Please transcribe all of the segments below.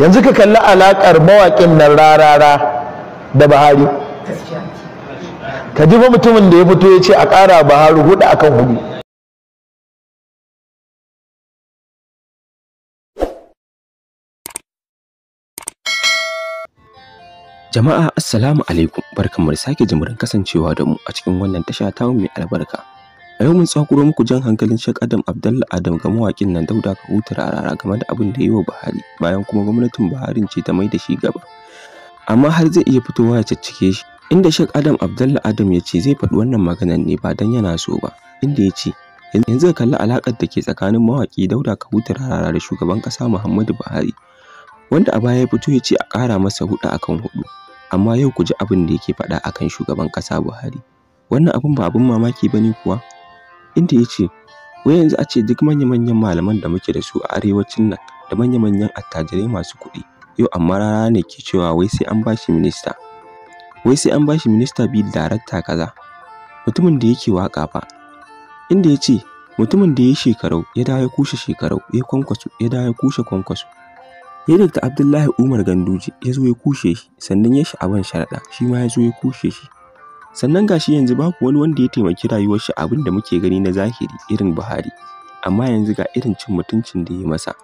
yanzu ka kalli alaƙar mawaƙin nan rarara da bahari ka ji fa mutumin da ya fito ya ce a ƙara bahari hudu akan hudu jama'a assalamu alaikum barkanmu da sake jimurin kasancewa da mu a cikin wannan tasha ta mai albarka A yau mun tsakuro muku jan hankalin Sheikh Adam Abdallah Adam ga mawaƙin nan Dauda ka huta rarara game da abin da ya yi wa Buhari bayan kuma gwamnatin Buhari ce ta mai da shi gaba. Amma har zai iya fitowa ya caccike shi inda Sheikh Adam Abdallah Adam ya ce zai faɗi wannan maganan ne ba dan yana so ba inda ya ce yanzu ka kalli alaƙar da ke tsakanin mawaƙi Dauda ka huta rarara da shugaban ƙasa Muhammadu Buhari wanda a baya ya fito ya ce a ƙara masa hudu akan hudu amma yau ku ji abin da yake faɗa akan shugaban ƙasa Buhari wannan abin ba abin mamaki bane kuwa inda ya ce wai yanzu a ce duk manya-manyan malaman da muke da su a arewacin nan da manya-manyan attajirai masu kuɗi yau amma rana ne ke cewa wai sai an bashi minista wai sai an bashi shi minista bi darakta kaza mutumin da yake waka fa inda ya ce mutumin da ya yi shekarau ya dawo ya kushe shekarau ya kwankwaso ya dawo ya kushe kwankwaso ya dakta abdullahi umar ganduje ya zo ya kushe shi sannan ya shi abin sharaɗa shi ma ya zo ya kushe shi sannan gashi yanzu babu wani wanda ya taimaki rayuwar shi abin da muke gani na zahiri irin Buhari amma yanzu ga irin cin mutuncin da ya masa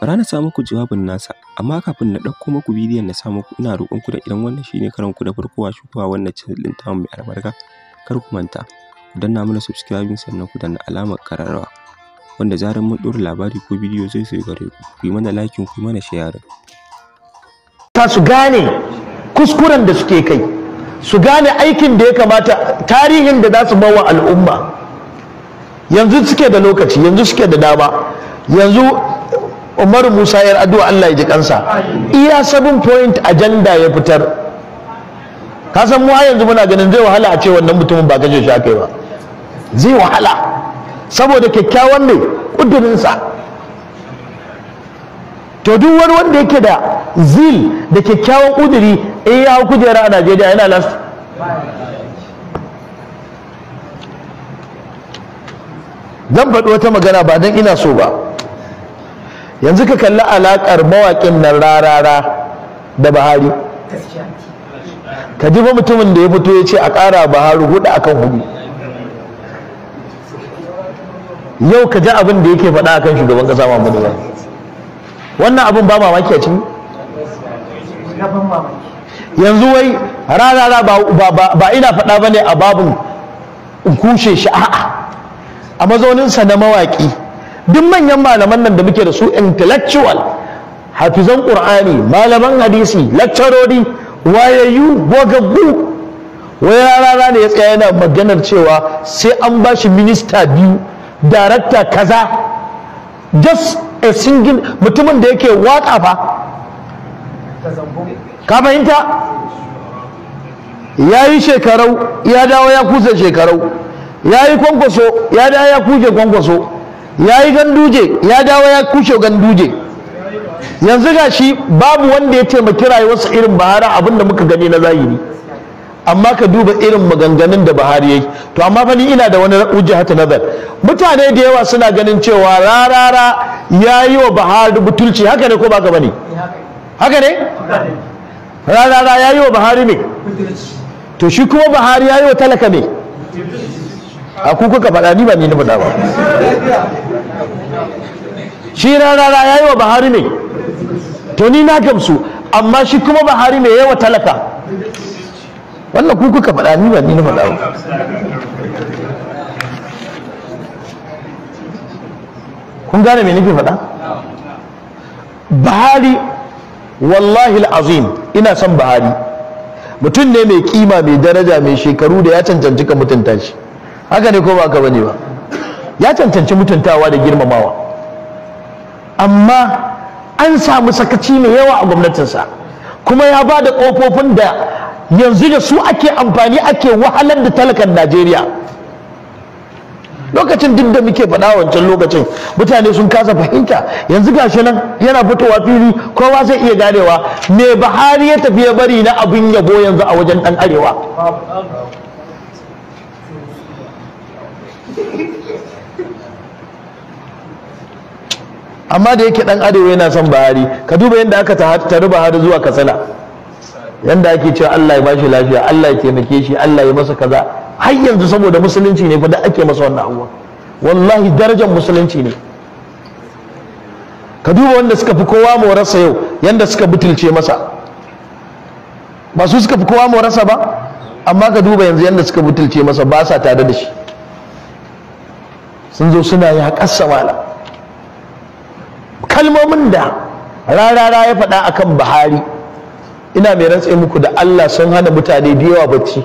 bara na samu ku jawabin nasa amma kafin na ɗauko muku bidiyon na samu ku ina roƙon ku da idan wannan shine karan ku da farko wa shukuwa wannan channel ɗin tamu mai albarka kar ku manta ku danna mana subscribe sannan ku danna alamar kararrawa wanda zarar mun dora labari ko bidiyo zai sai gare ku ku yi mana like ku yi mana Ta su gane kuskuren da suke kai su gane aikin da ya kamata tarihin da za su bawa al'umma yanzu suke da lokaci yanzu suke da dama yanzu umar musa yar addu'a allah ya ji kansa iya sabon point agenda ya fitar ka san mu yanzu muna ganin zai wahala a ce wannan mutumin ba gaje shi aka ba zai wahala saboda kyakkyawan ne kudurinsa to duk wani wanda yake da zil da kyakkyawan kuduri in eh, ya kujera a najeriya yana last zan faɗi wata magana ba don ina so ba yanzu ka kalli alaƙar mawaƙin nan rarara da bahari ka ji ba mutumin da ya fito ya ce a ƙara bahari hudu akan hudu yau ka ji abin da yake faɗa akan shugaban ƙasa Muhammadu wannan abin ba mamaki a cikin yanzu wai rana ba ina faɗa ba ne a babin kushe shi a'a a mazauninsa na mawaƙi duk manyan malaman nan da muke da su intellectual hafizan ƙur'ani malaman hadisi lakcarori wayayyu gogaggu wai rana ne ya tsaya yana maganar cewa sai an ba shi minista biyu darakta kaza just a single mutumin da yake waka fa ka fahimta ya yi shekarau ya dawo ya kusa shekarau ya yi kwankwaso ya dawo ya kushe kwankwaso ya yi ganduje ya dawo ya kushe ganduje yanzu ga shi babu wanda ya taimaki rayuwarsa irin bahara abinda muka gani na zahiri amma ka duba irin maganganun da ya yayi to amma fa ina da wani hata nazar mutane da yawa suna ganin cewa rarara yayi wa bahari butulci haka ne ko ba ka bane haka ne rarara ya yi wa buhari ne to shi kuma buhari ya yi wa talaka ne a kuka faɗa ni ba ni na faɗa ba shi rarara ya yi wa buhari ne to ni na gamsu amma shi kuma buhari mai yawa talaka wannan ku kuka faɗa ni ba ni na faɗa ba kun gane me nake faɗa buhari wallahi azim ina son buhari mutum ne mai kima mai daraja mai shekaru da ya cancanci ka mutunta shi haka ne ko ba ka bane ba ya cancanci mutuntawa da girmamawa amma an samu sakaci mai yawa a gwamnatinsa kuma ya ba da ƙofofin da yanzu da su ake amfani ake wahalar da talakan najeriya lokacin duk da muke faɗa wancan lokacin mutane sun kasa fahimta yanzu gashi nan yana fitowa fili kowa zai iya ganewa me Buhari ya tafi ya bari na abin yabo yanzu a wajen ɗan arewa amma da yake ɗan arewa yana son Buhari ka duba yadda aka tari Buhari zuwa Katsina Yadda ake cewa Allah ya bashi lafiya Allah ya taimake shi Allah ya masa kaza har yanzu saboda musulunci ne fa da ake masa wannan abuwa wallahi darajar musulunci ne ka duba wanda suka fi kowa morarsa yau yanda suka butulce masa ba su suka fi kowa morarsa ba amma ka duba yanzu yanda suka butulce masa ba sa tare da shi sun zo suna yi haƙassa mala kalmomin da rarara ya faɗa akan buhari ina mai rantse muku da allah sun hana mutane da yawa bacci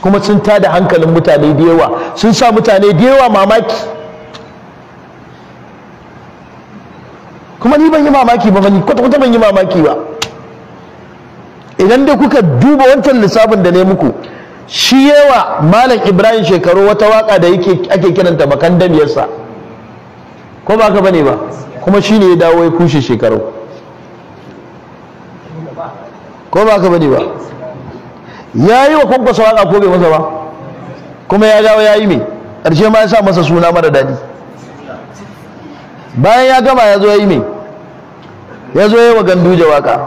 kuma sun tada hankalin mutane da yawa sun sa mutane da yawa mamaki kuma ni ban yi mamaki ba bani kwata-kwata ban yi mamaki ba idan da kuka duba wancan lissafin da ne muku shi yawa malam ibrahim shekaru wata waka da yake ake kiranta bakan damiyarsa ko ba ka bane ba kuma shi ne ya dawo ya kushe shekaru ko ba ka bane ba ya yi wa kwankwasa waka ko bai masa ba kuma ya dawo ya yi mai ƙarshe ma ya sa masa suna mara daɗi bayan ya gama ya zo ya yi mai ya zo ya yi wa ganduja waka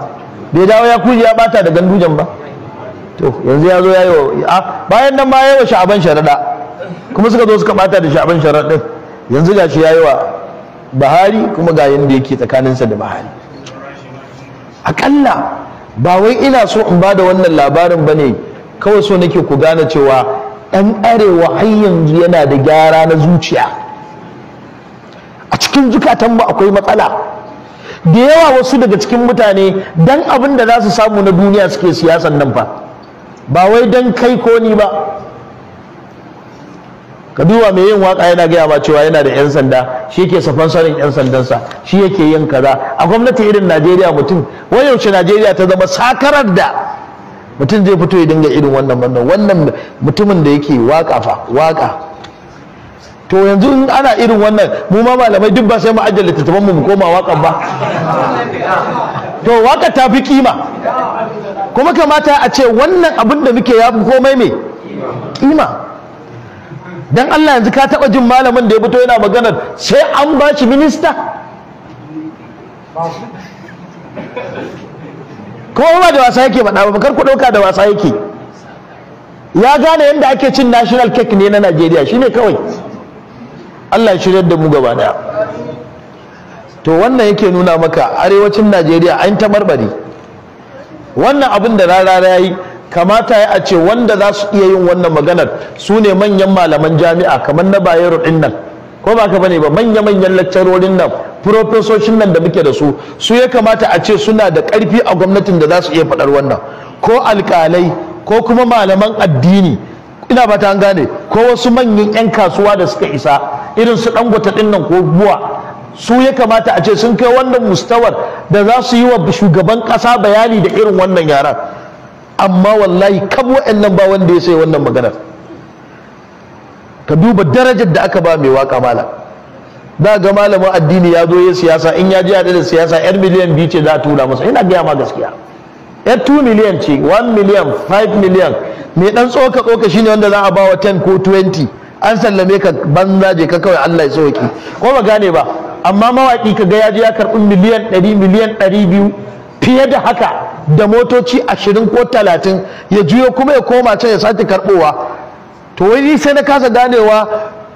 bai dawo ya kuji ya bata da gandujan ba to yanzu ya zo ya yi wa bayan nan ma ya yi wa sha'aban sharaɗa kuma suka zo suka bata da sha'aban sharaɗin yanzu ga shi ya yi wa Buhari kuma ga yadda yake tsakaninsa da Buhari aƙalla ba wai ina so in ba da wannan labarin ba ne kawai so nake ku gane cewa ɗan arewa har yanzu yana da gyara na zuciya a cikin zukatan ba akwai matsala da yawa wasu daga cikin mutane dan abin da za su samu na duniya suke siyasan nan fa ba wai dan kai ko ni ba ka duba mai yin waka yana gaya ma cewa yana da yan sanda shi yake safan sanin yan sandansa shi yake yin kaza a gwamnati irin najeriya mutum wai yaushe najeriya ta zama sakarar da mutum zai fito ya dinga irin wannan wannan wannan mutumin da yake waka fa waka to yanzu in ana irin wannan mu ma malamai duk ba sai mu ajiye littattafan mu mu koma waka ba to waka ta fi kima kuma kamata a ce wannan abin da muke ya fi komai me kima dan Allah yanzu ka taba jin malamin da ya fito yana magana sai an ba shi minista kuma ba da wasa yake faɗa ba kar ku ɗauka da wasa yake ya gane yanda ake cin national cake ne na Najeriya shine kawai Allah ya shirya da mu gaba daya to wannan yake nuna maka arewacin Najeriya an tabarbare wannan abin da rarara yayi kamata ya a ce wanda za su iya yin wannan maganar su ne manyan malaman jami'a kamar na bayero ɗin nan ko ba ka bane ba manya-manyan lakcarorin nan furofesoshin nan da muke da su su ya kamata a ce suna da ƙarfi a gwamnatin da za su iya faɗar wannan ko alƙalai ko kuma malaman addini ina ba ta gane ko wasu manyan 'yan kasuwa da suka isa irin su dangote ɗin nan ko buwa su ya kamata a ce sun kai wannan mustawar da za su yi wa shugaban ƙasa bayani da irin wannan yaran amma wallahi kam wa'annan ba wanda ya sai wannan maganar ka duba darajar da aka ba mai waka mala za ga malamin addini ya zo ya siyasa in ya ji a da siyasa yar miliyan biyu ce za a tura masa ina gaya ma gaskiya yar 2 miliyan ce 1 miliyan 5 miliyan mai dan tsoka tsoka shine wanda za a ba wa 10 ko 20 an sallame ka banza je ka kawai Allah ya tsoki ko ba gane ba amma mawaki ka ga ya je ya karɓi miliyan 100 miliyan 200 fiye da haka da motoci ashirin ko talatin ya juyo kuma ya koma can ya sake karbowa to wani sai na kasa ganewa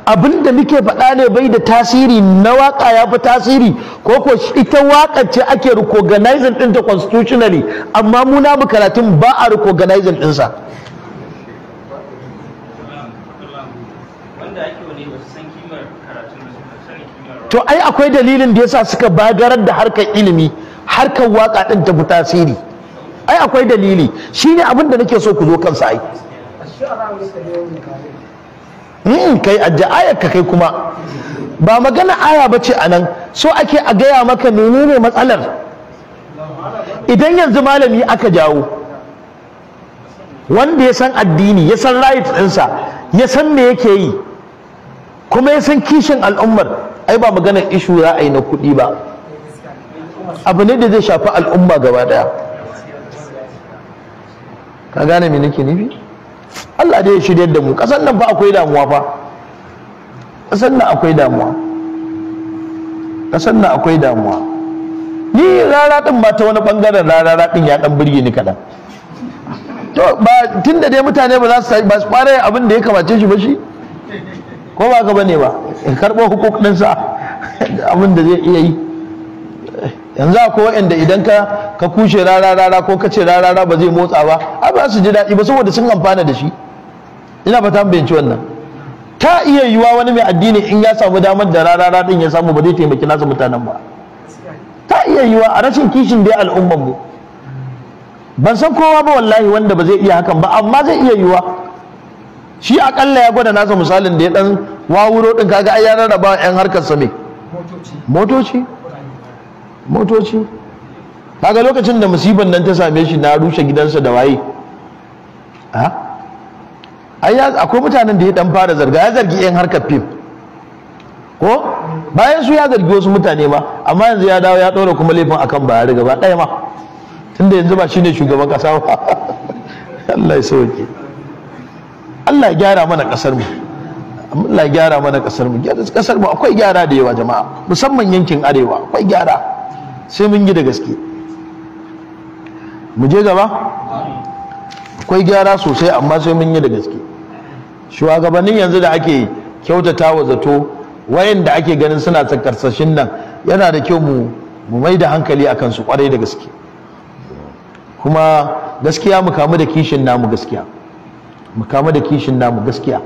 abinda da muke faɗa ne bai da tasiri na waƙa ya fi tasiri ko ko ita waƙar ce ake recognizing ɗinta constitutionally amma mu namu karatun ba a recognizing ɗinsa to ai akwai dalilin da ya sa suka bagarar da harkar ilimi harkar waƙa ɗin ta fi tasiri ai akwai dalili shine abin da nake so ku zo kansa ai in hmm, kai ajja ka kai kuma ba magana aya bace ce anan so ake a gaya maka menene matsalar idan yanzu malami aka jawo wanda ya san addini ya san right ɗinsa ya san me yake yi kuma ya san kishin al'ummar ai ba magana ishu za a na kuɗi ba abu ne da zai shafi al'umma gaba ɗaya ka gane me nake nufi Allah dai ya shirya da mu kasan nan ba akwai damuwa fa kasan nan akwai damuwa kasan nan akwai damuwa ni rara din ba ta wani bangaren rara din ya dan burge ni kaɗan to ba tunda dai mutane ba za su ba su fara abin da ya kamace shi ba shi ko ba ka bane ba karɓo hukukun sa abin da zai iya yi yanzu akwai wanda idan ka ka kushe rara ko ka ce rara rara ba zai motsa ba a ba su ji daɗi ba saboda sun amfana da shi ina ba ta bayanci wannan ta iya yiwa wani mai addini in ya samu damar da rara din ya samu ba zai taimaki nasa mutanen ba ta iya yiwa a rashin kishin dai al'umman mu ban san kowa ba wallahi wanda ba zai iya hakan ba amma zai iya yiwa shi akalla ya gwada nasa misalin da ya dan wawuro din kaga ai ya rarraba yan harkar sa ne motoci motoci motoci kaga lokacin da musibar nan ta same shi na rushe gidansa da waye akwai mutanen da ya dan fara zarga ya zargi yan harkar fim ko bayan su ya zargi wasu mutane ba amma yanzu ya dawo ya ɗora kuma laifin akan riga gaba ɗaya ma tunda yanzu ba shine shugaban ƙasa ba Allah ya sauke Allah ya gyara mana ƙasar mu Allah ya gyara mana ƙasar mu ƙasar mu akwai gyara da yawa jama'a musamman yankin arewa akwai gyara sai mun yi da gaske mu je gaba akwai gyara sosai amma sai mun yi da gaske shugabannin yanzu da ake kyautata wa zato wayanda ake ganin suna tsakarsashin nan yana da kyau mu mu mai da hankali akan su kwarai da gaske kuma gaskiya mu kamu da kishin namu gaskiya mu kamu da kishin namu gaskiya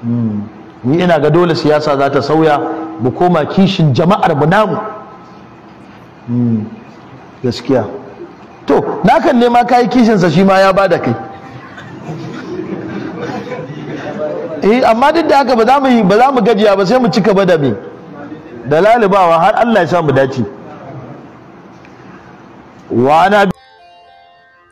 hmm. ni ina ga dole siyasa za ta sauya mu koma kishin jama'ar mu namu Hmm. gaskiya to na kan nema kayi kishinsa shi ma ya ba da kai eh amma duk da haka ba za mu ba za mu gajiya ba sai mu cika ba da me da lalubawa har Allah ya sa mu dace wa na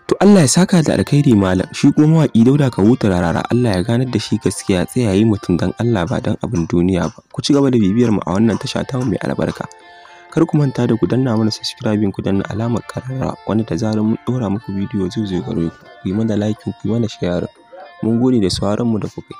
to Allah ya saka da alkhairi malam shi ko mawaki Dauda ka huta rarara Allah ya ganar da shi gaskiya yayi mutum dan Allah ba dan abin duniya ba ku ci gaba da bibiyar mu a wannan tasha ta mai albarka kar ku manta da ku danna mana subscribing ku danna alamar karara wanda da zarar mun dora muku bidiyo zai zo gare ku ku yi mana like ku yi mana share mun gode da sauraron mu da kuka